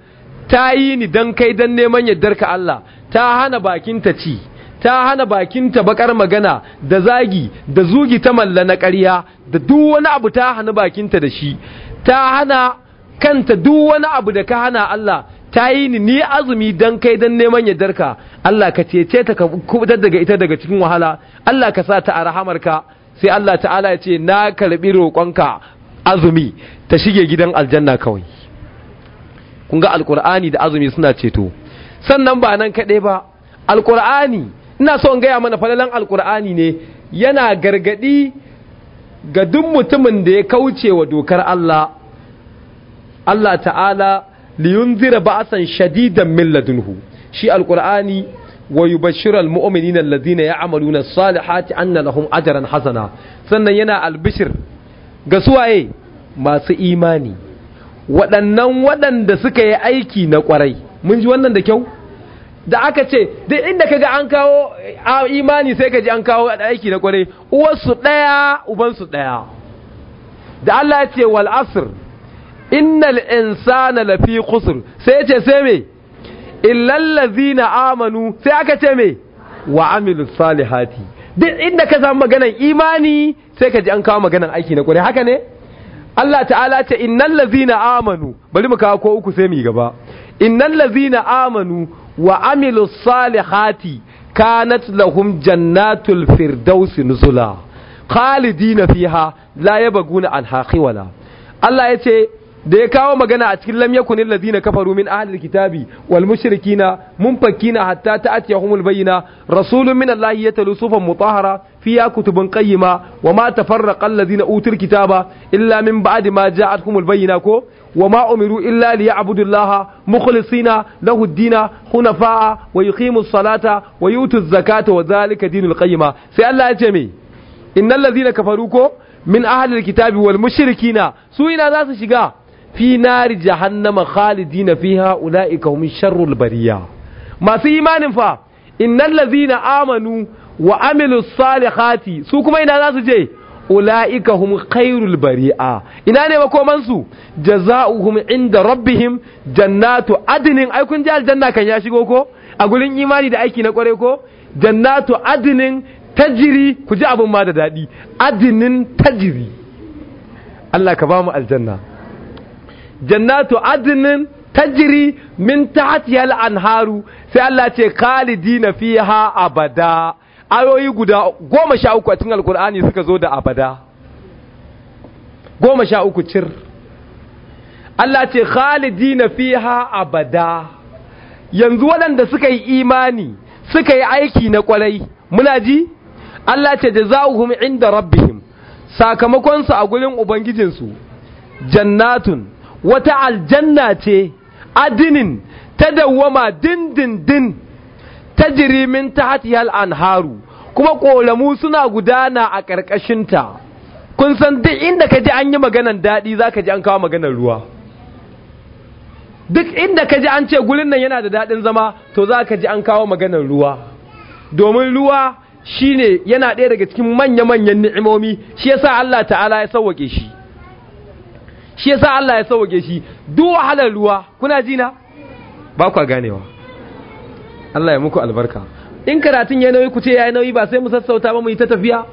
ta yi ni dan kai dan neman yardar ka Allah ta hana bakin ta ci ta hana bakinta bakar magana da zagi da zugi ta malla na ƙarya da duk wani abu ta hana bakinta da shi ta hana kanta duk wani abu da ka hana Allah ta yi ni ni azumi dan kai dan neman yardarka Allah ka cece ta ka kubutar daga ita daga cikin wahala Allah ka sa ta a rahamarka sai Allah ta'ala ya ce na karbi roƙonka azumi ta shige gidan aljanna kawai kun ga alkur'ani da azumi suna ceto sannan ba nan kaɗai ba alkur'ani ina so in gaya mana falalan alkur'ani ne yana gargadi ga duk mutumin da ya kauce wa dokar Allah Allah ta'ala liyunzira ba'san shadidan min ladunhu shi alkur'ani wa yubashshiral mu'minina alladhina ya'maluna as-salihati anna lahum ajran hasana sannan yana albishir ga suwaye masu imani waɗannan waɗanda suka yi aiki na ƙwarai mun ji wannan da kyau da aka ce duk inda kaga an kawo imani sai kaji an kawo aiki na kwarai uwarsu ɗaya ubansu ɗaya da Allah ya ce wal asr innal insana lafi khusr sai ya ce sai me illal ladzina amanu sai aka ce me wa amilus salihati duk inda ka samu maganar imani sai kaji an kawo maganar aiki na kwarai haka ne Allah ta'ala ce innal ladzina amanu bari mu kawo ko uku sai mu gaba innal ladzina amanu wa amilu salihati kanat lahum jannatul firdausi nuzula khalidina fiha la yabghuna anha khiwala Allah ce da ya kawo magana a cikin lam yakunil ladina kafaru min ahlil kitabi wal mushrikina fakkina hatta ta'tiyahumul bayyina rasulun min allahi yatlu sufan mutahhara fiya kutubun qayyima wama tafarraqa alladhina utul kitaba illa min ba'di ma ja'atkumul bayyina ko wa ma'umiru umiru illa liya'budu Allah mukhlisina lahu ad hunafa'a wa yuqimu salata wa yutu zakata wa zalika dinul sai Allah ya ce me innal ladhina kafaru ko min ahli kitabi wal mushrikina su ina za su shiga fi jahannama khalidina fiha ulaika hum bariya masu imanin fa innal ladhina amanu wa amilus salihati su kuma ina za su je ula'ika hum khairul bari'a ina ne su jaza'uhum inda rabbihim jannatu adinin ai kun ji aljanna kan ya shigo ko a gurin imani da aiki na kware ko jannatu adinin tajiri ku ji abun ma da daɗi adinin tajiri Allah ka ba mu aljanna jannatu adnin tajiri min tahtiha al-anharu sai Allah ce khalidina fiha abada ayoyi guda goma sha uku a cikin alkur'ani suka zo da abada goma sha uku cir Allah ce khalidina ha abada yanzu waɗanda suka yi imani suka yi aiki na kwarai muna ji Allah ce da jazaohum inda rabbihim sakamakonsu a gurin ubangijinsu jannatun wata aljanna ce adinin ta dawwama dindindin ta min ta al-anharu kuma kolamu suna gudana a ƙarƙashinta kun san duk inda ka ji an yi maganan daɗi za ka ji an kawo maganar ruwa duk inda ka ji an ce gurin nan yana da daɗin zama to za ka ji an kawo maganar ruwa domin ruwa ne yana ɗaya daga cikin manya-manyan ni'imomi shi ya sa Allah ta'ala ya sauwaƙe shi shi sa Allah ya sauwaƙe shi duk wahalar ruwa kuna jina na ba kwa ganewa Allah ya muku albarka in karatun ya nauyi ku ce ya nauyi ba sai mu sassauta ba mu yi ta tafiya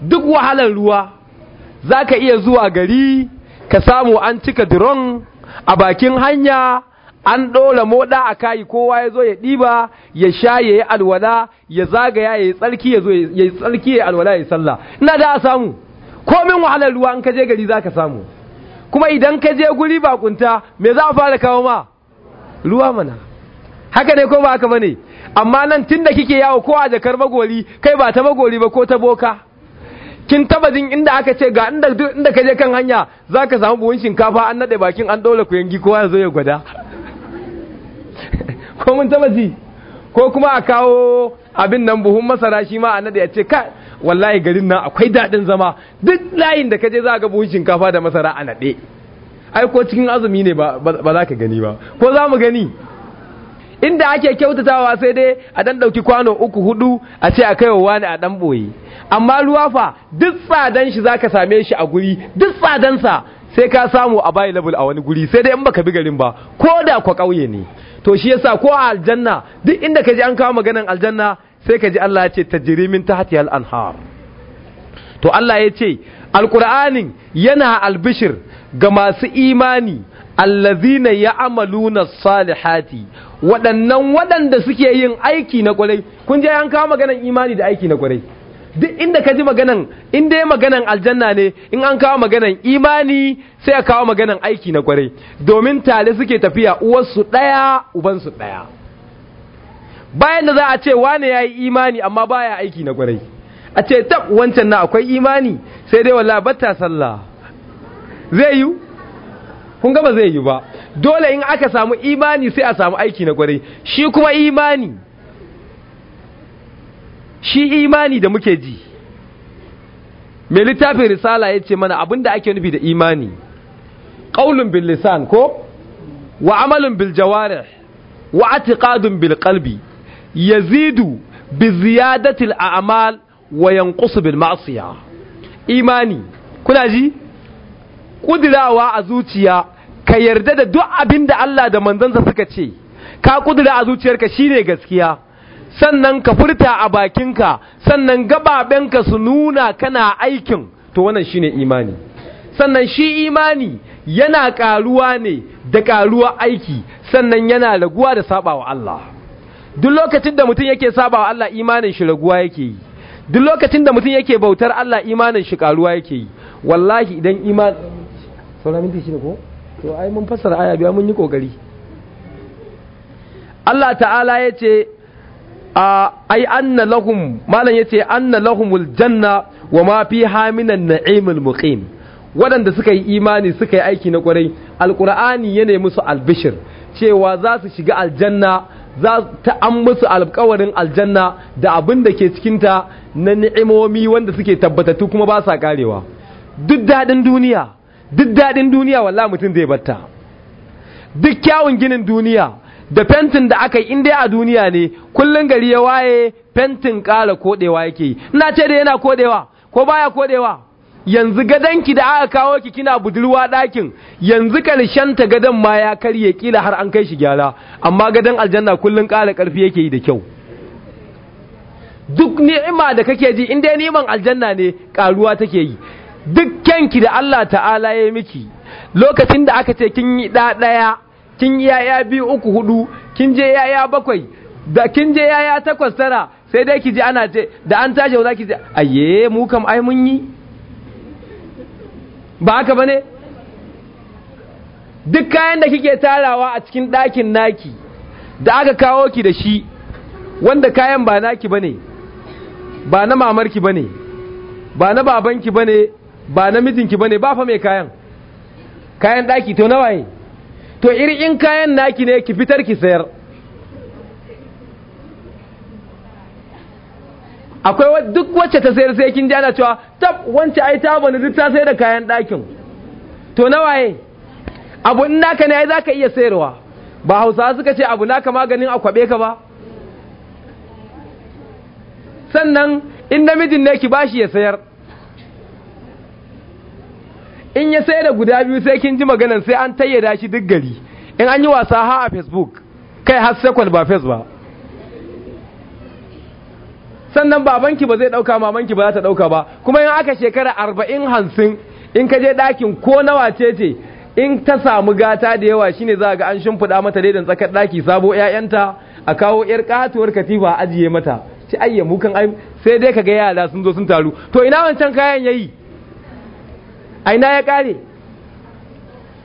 duk wahalar ruwa za ka iya zuwa gari ka samu an cika diron a bakin hanya an ɗola moɗa a kayi kowa ya zo ya ɗiba ya sha ya yi alwala ya zagaya ya yi tsarki ya zo ya yi tsarki ya yi alwala ya yi sallah ina da a samu komin wahalar ruwa in ka je gari za ka samu kuma idan ka je guri bakunta me za a fara kawo ma ruwa mana haka ne ko ba haka bane amma nan tunda kike yawo ko a jakar magori kai ba ta magori ba ko ta boka kin taba jin inda aka ce ga inda inda kaje kan hanya zaka samu buhun shinkafa an nade bakin an daura kuyangi kowa ya zo ya gwada [LAUGHS] ko mun taba ji ko kuma a kawo abin nan buhun masara shi ma a nade ya ce ka wallahi garin nan akwai dadin zama duk layin da kaje za ga buhun shinkafa da masara a nade ai ko cikin azumi ne ba za ka gani ba ko za mu gani inda ake kyautatawa sai dai a dan ɗauki kwano uku hudu a ce a kai wa wani a dan boye amma ruwa fa duk tsadan shi zaka same shi a guri duk tsadansa sai ka samu a bayi level a wani guri sai dai in baka bi garin ba ko da kwa ƙauye ne to shi yasa ko a aljanna duk inda ka ji an kawo maganan aljanna sai ka ji Allah ya ce min tahti al anhar to Allah ya ce alqur'anin yana albishir ga masu imani allazina amaluna salihati waɗannan waɗanda suke yin aiki na ƙwarai kun je an kawo maganan imani da aiki na ƙwarai duk inda ka ji maganan in dai maganan aljanna ne in an kawo maganan imani sai a kawo maganan aiki na ƙwarai, domin tare suke tafiya uwarsu ɗaya ubansu ɗaya bayan da za a ce wane ya yi imani amma baya aiki na ƙwarai, a ce tab wancan na akwai imani sai dai wallahi batta sallah zai yi kun ga zai yi ba dole in aka samu imani sai a samu aiki na kwarai shi kuma imani shi imani da muke ji mai littafin risala ya ce mana da ake nufi da imani ƙaunin bil lisan ko wa amalin bil jawarar wa bil ya yazidu bi ziyadatil a'mal wa yanqusu bil ma'siyah imani kuna ji Kudirawa a zuciya ka yarda da duk abin da Allah da manzansa suka ce ka kudira a zuciyarka shine gaskiya sannan ka furta a bakinka sannan gababenka su nuna kana aikin to wannan shine imani sannan shi imani yana ƙaruwa ne da karuwa aiki sannan yana raguwa da sabawa Allah duk lokacin da mutum yake sabawa Allah imanin shi raguwa yake yi duk lokacin da mutum yake bautar Allah imanin shi ƙaruwa yake yi wallahi idan iman saura minti ne ko to ai mun fassara aya biya mun yi kokari Allah ta'ala ya ce ai anna lahum ya ce anna lahumul janna wa ma fi haminan na'imul muqim waɗanda suka yi imani suka yi aiki na ƙwarai, alkur'ani ya nemi musu albishir cewa za su shiga aljanna za ta an musu alƙawarin aljanna da abin da ke cikinta na ni'imomi wanda suke tabbatattu kuma ba sa karewa duk daɗin duniya duk daɗin duniya walla mutum zai batta duk kyawun ginin duniya da fentin da aka yi in a duniya ne kullum gari ya waye fentin ƙara koɗewa yake yi ina ce da yana koɗewa ko baya koɗewa yanzu gadonki da aka kawo ki kina budurwa ɗakin yanzu ƙarshen ta gadon ma ya karye kila har an kai shi gyara amma gadon aljanna kullum ƙara ƙarfi yake yi da kyau duk ni'ima da kake ji in dai niman aljanna ne ƙaruwa take yi duk ki da Allah ta'ala ya miki lokacin da aka ce kin yi ɗaya kin yi yaya biyu uku hudu kin je yaya bakwai da kin je yaya takwas tara sai dai ki je ana ce da an tashi za ki je, aye mu kam ai mun yi ba haka ba ne duk kayan da kike tarawa a cikin ɗakin naki da aka kawo ki da shi wanda kayan ba naki ba ne ba na mamarki ba ne ba na babanki ba ne ba namijinki ne ba fa mai kayan kayan daki to na waye? to iri in kayan naki ne ki fitar ki sayar akwai duk wacce ta sayar sai kin ji ana cewa tab wance ai ta bani duk ta sayar da kayan ɗakin. to na waye abu in naka ne ai zaka iya sayarwa ba Hausawa suka ce abu naka maganin akwabe ka ba sannan in namijin ne ki bashi ya sayar in ya sai da guda biyu sai kin ji maganan sai an tayyada shi duk gari in an yi wasa ha a facebook kai har second ba face ba sannan babanki ba zai dauka mamanki ba za ta dauka ba kuma in aka shekara arba'in hamsin in ka je ɗakin ko nawa ce ce in ta samu gata da yawa shine za ga an shimfiɗa mata daidan tsakar ɗaki sabo 'ya'yanta a kawo yar katuwar katifa ajiye mata ci ayyamu kan ai sai dai kaga yara sun zo sun taru to ina wancan kayan yayi aina ya kare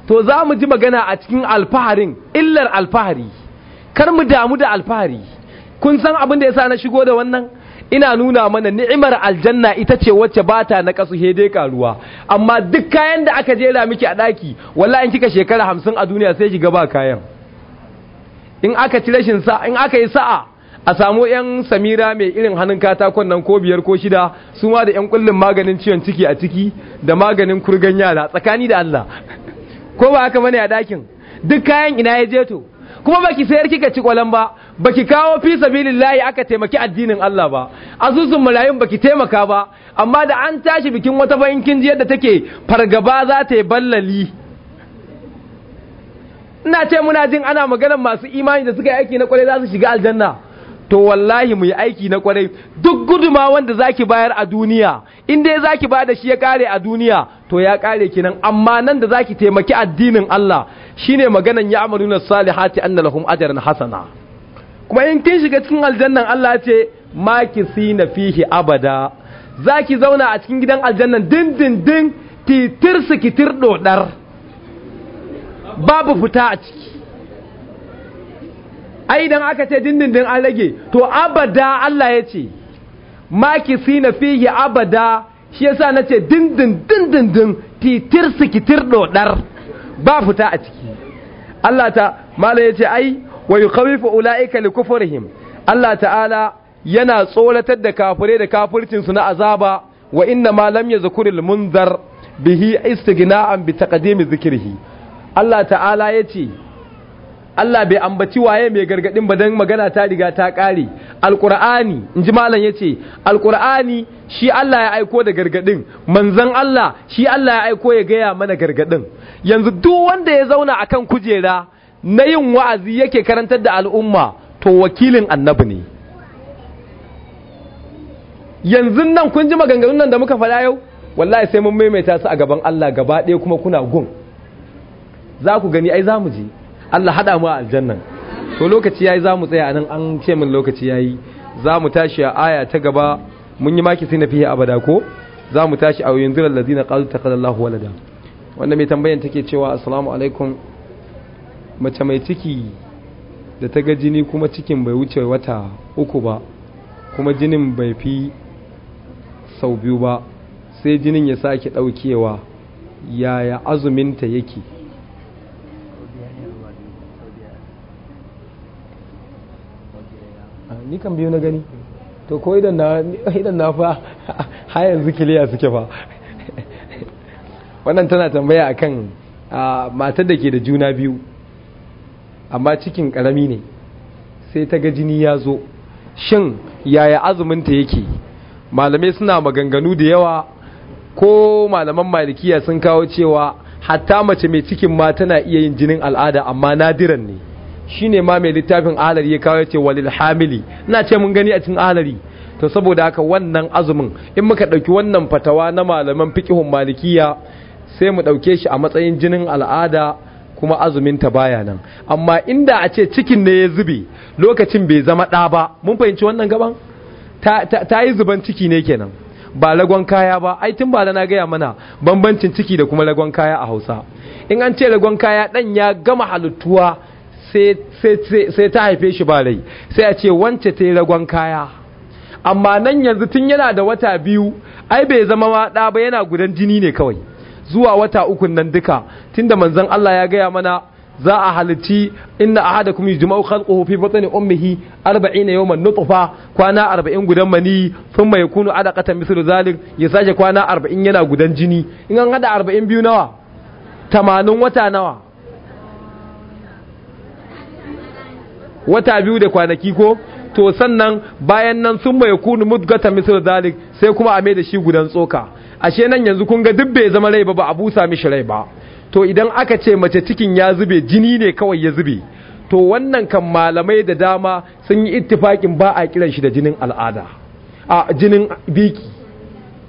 to za mu ji magana a cikin alfaharin illar alfahari kar mu damu da alfahari kun san abin da yasa na shigo da wannan ina nuna mana ni'imar aljanna ita ce wacce ba ta na kasu hede karuwa amma duk kayan da aka jera miki a daki wallahi in kika shekara hamsin a duniya sai ki gaba kayan in aka ci rashin sa in aka yi sa'a a samu yan samira mai irin hannun katakon nan ko biyar ko shida su ma da yan kullun maganin ciwon ciki a ciki da maganin kurgan yara tsakani da Allah [LAUGHS] ko ba haka bane a dakin duk kayan ina ya jeto to kuma baki sayar kika ci kwalan ba baki kawo fi sabilillahi aka taimaki addinin Allah ba asusun marayun baki taimaka ba amma da an tashi bikin wata bayan kin ji yadda take fargaba za ta yi ballali ina ce muna jin ana maganar masu imani da suka yi aiki na kwarai za su shiga aljanna to wallahi mu yi aiki na kwarai duk guduma wanda zaki bayar a duniya in dai zaki ba da shi ya kare a duniya to ya kare kinan amma nan da zaki taimaki addinin Allah shine maganan ya amaluna salihati anna lahum ajran hasana kuma in kin shiga cikin aljannan Allah ce makisina fihi abada zaki zauna a cikin gidan aljannan dindindin titir su kitir dodar babu fita a ciki ai idan aka ce dindindin an rage to abada Allah ya ce makisina fihi abada shi yasa ce dindin dindindin titir sikitir dodar ba fita a ciki Allah ta ya ce ai wa yukhawifu ulaika likufrihim Allah ta'ala yana tsoratar da kafure da kafircin su na azaba wa inna ma lam yazkuril munzar bihi istighna'an bi taqdimi dhikrihi Allah ta'ala yace Allah bai ambaci waye mai gargadin ba dan magana ta riga ta kare alqur'ani inji malam yace alqur'ani shi Allah ya aiko da gargadin manzon Allah shi Allah ya aiko ya gaya mana gargadin yanzu duk wanda ya zauna a kan kujera na yin wa'azi yake karantar da al'umma to wakilin annabi ne yanzu nan kun ji maganganun nan da muka faɗa yau wallahi sai mun maimaita su a gaban Allah gaba ɗaya kuma kuna gun za ku gani ai za mu je Allah haɗa mu a aljannan to lokaci yayi zamu tsaya anan an ce min lokaci yayi zamu tashi a aya ta gaba mun yi maki na fiye abada ko zamu tashi a yanzu allazina qalu taqallahu walada wanda mai tambayan take cewa assalamu alaikum mace mai ciki da ta ga jini kuma cikin bai wuce wata uku ba kuma jinin bai fi sau biyu ba sai jinin ya sake ɗaukewa yaya azuminta yake kan biyu na gani to ko idan na fa har yanzu kiliya suke fa wannan tana tambaya akan matar da ke da juna biyu amma cikin karami ne sai ta ga jini ya zo shin yaya azuminta yake malamai suna maganganu da yawa ko malaman malikiya sun kawo cewa hatta mace mai cikin ma tana iya yin jinin al'ada amma nadiran ne Shi ne ma mai littafin ahalari ya kawo ce walil hamili ina ce mun gani a cikin ahalari to saboda haka wannan azumin in muka ɗauki wannan fatawa na malaman fikihun malikiya sai mu ɗauke shi a matsayin jinin al'ada kuma azumin ta baya nan amma inda a ce cikin ne ya zube lokacin bai zama da ba mun fahimci wannan gaban ta, ta yi zuban ciki ne kenan ba lagon kaya ba ai tun ba na gaya mana bambancin ciki da kuma lagon kaya a hausa in an ce lagon kaya ɗan ya gama halittuwa sai ta haife shi ba rai sai a ce wance ta yi ragon kaya amma nan yanzu tun yana da wata biyu ai bai zama ma ɗa ba yana gudan jini ne kawai zuwa wata ukun nan duka tunda manzan Allah ya gaya mana za a halitti inna ahadakum yujma'u khalquhu fi batni ummihi 40 yawman nutfa kwana 40 gudan mani sun mai kunu adaqatan mislu zalik ya sake kwana 40 yana gudan jini in an hada 40 biyu nawa 80 wata nawa wata biyu da kwanaki ko to sannan bayan nan sun mai kunu mudgata misal zalik sai kuma a mai da shi gudan tsoka ashe nan yanzu kun ga duk bai zama rai ba ba a busa mishi rai ba to idan aka ce mace cikin ya zube jini ne kawai ya zube to wannan kan malamai da dama sun yi ittifakin ba a kiran shi da jinin al'ada a jinin biki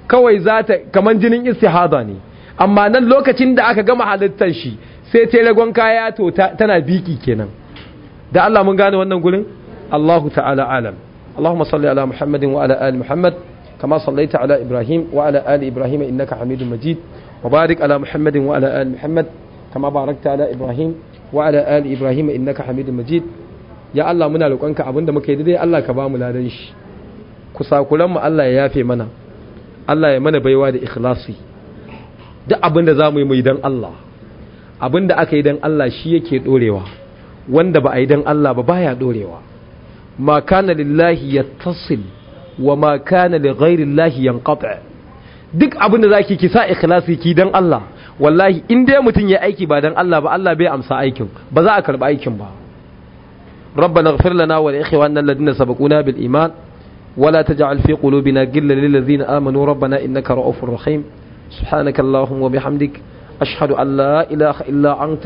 kawai za ta kaman jinin istihada ne amma nan lokacin da aka gama halittar shi sai ta ragon kaya to tana biki kenan da Allah mun gane wannan gurin Allahu ta'ala alam Allahumma salli ala Muhammadin wa ala ali Muhammad kama sallaita ala Ibrahim wa ala ali Ibrahim innaka Hamidum Majid wa barik ala Muhammadin wa ala ali Muhammad kama barakta ala Ibrahim wa ala ali Ibrahim innaka Hamidum Majid ya Allah muna roƙonka abinda muke daidai Allah ka ba mu ladan shi kusakuran mu Allah ya yafe mana Allah ya mana baiwa da ikhlasi duk abinda zamu yi mu yi dan Allah abinda aka yi dan Allah shi yake dorewa wanda ba a yi don Allah ba baya dorewa ma kana lillahi yattasil wa ma kana li ghairi llahi yanqata duk abin da zaki ki sa ikhlasi ki dan Allah wallahi in dai mutun ya aiki ba dan Allah ba Allah bai amsa aikin ba za a karba aikin ba ربنا اغفر لنا ولإخواننا الذين سبقونا بالإيمان ولا تجعل في قلوبنا غلا للذين آمنوا ربنا إنك رؤوف رحيم سبحانك اللهم وبحمدك أشهد أن لا إله إلا أنت